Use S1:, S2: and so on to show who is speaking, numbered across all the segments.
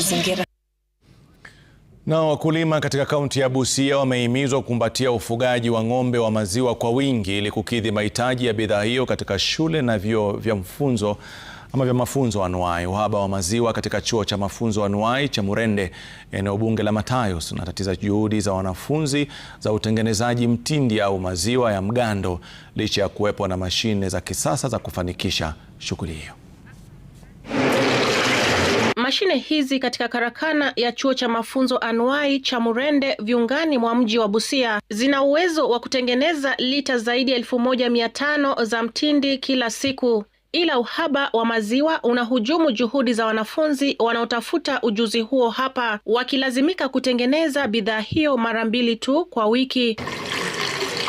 S1: mazingira. Na wakulima katika kaunti ya Busia wamehimizwa kukumbatia ufugaji wa ng'ombe wa maziwa kwa wingi ili kukidhi mahitaji ya bidhaa hiyo katika shule na vyuo vya mfunzo ama vya mafunzo anuai. Uhaba wa maziwa katika chuo cha mafunzo anuai cha Murende eneo bunge la Matayos unatatiza juhudi za wanafunzi za utengenezaji mtindi au maziwa ya mgando licha ya kuwepo na mashine za kisasa za kufanikisha shughuli hiyo.
S2: Mashine hizi katika karakana ya chuo cha mafunzo anuai cha Murende viungani mwa mji wa Busia zina uwezo wa kutengeneza lita zaidi ya elfu moja mia tano za mtindi kila siku, ila uhaba wa maziwa unahujumu juhudi za wanafunzi wanaotafuta ujuzi huo hapa, wakilazimika kutengeneza bidhaa hiyo mara mbili tu kwa wiki.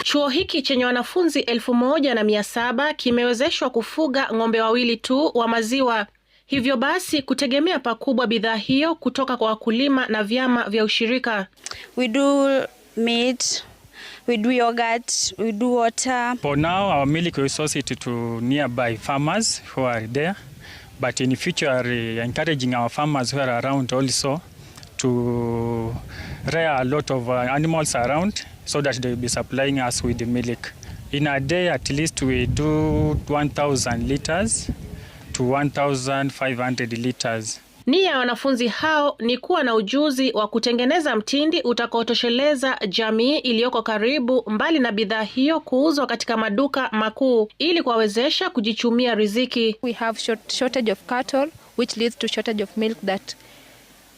S2: Chuo hiki chenye wanafunzi elfu moja na mia saba kimewezeshwa kufuga ng'ombe wawili tu wa maziwa hivyo basi kutegemea pakubwa bidhaa hiyo kutoka kwa wakulima na vyama vya ushirika.
S3: We do meat, we do yogurt, we do water.
S4: For now our milk we source it to nearby farmers who are there but in future encouraging our farmers who are around also to rear a lot of uh, animals around so that they will be supplying us with the milk. In a day at least we do 1000 liters to 1500 liters.
S2: Nia ya wanafunzi hao ni kuwa na ujuzi wa kutengeneza mtindi utakaotosheleza jamii iliyoko karibu, mbali na bidhaa hiyo kuuzwa katika maduka makuu ili kuwawezesha kujichumia riziki.
S5: We have short, shortage of cattle which leads to shortage of milk that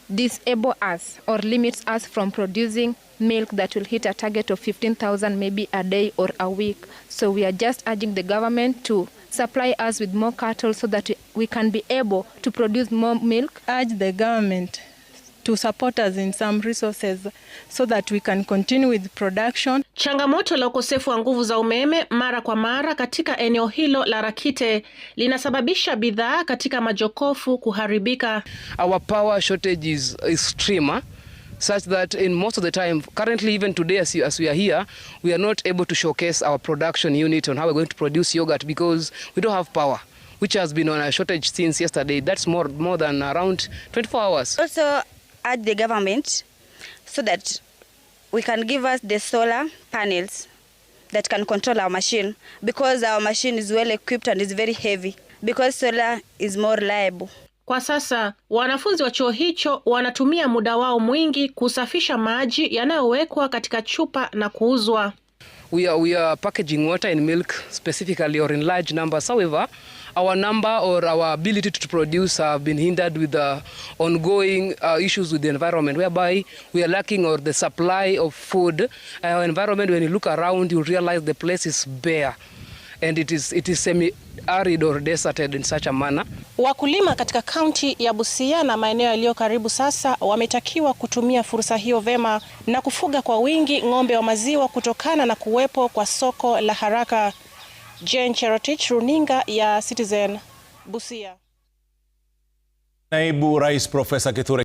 S5: disable us or limits us from producing milk that will hit a target of 15,000 maybe a day or a week. So we are just urging the government to supply us with more cattle so that we can be able to produce more milk.
S6: Urge the government to support us in some resources so that we can continue with production.
S2: Changamoto la ukosefu wa nguvu za umeme mara kwa mara katika eneo hilo la Rakite linasababisha bidhaa katika majokofu kuharibika.
S7: Our power shortage is, extreme. Huh? such that in most of the time, currently even today as, you, as we are here, we are not able to showcase our production unit on how we're going to produce yogurt because we don't have power which has been on a shortage since yesterday. That's more, more than around 24 hours.
S8: Also urge the government so that we can give us the solar panels that can control our machine because our machine is well equipped and is very heavy because solar is more reliable.
S2: Kwa sasa wanafunzi wa chuo hicho wanatumia muda wao mwingi kusafisha maji yanayowekwa katika chupa na kuuzwa.
S7: We are, we are packaging water and milk specifically or in large numbers. However, our number or our ability to produce have been hindered with the ongoing uh, issues with the environment whereby we are lacking or the supply of food. Our environment, when you look around, you realize the place is bare and it is, it is semi arid or deserted in such a manner.
S2: Wakulima katika kaunti ya Busia na maeneo yaliyo karibu sasa wametakiwa kutumia fursa hiyo vema na kufuga kwa wingi ng'ombe wa maziwa kutokana na kuwepo kwa soko la haraka. Jane Cherotich, Runinga ya Citizen, Busia. Naibu Rais Profesa Kithure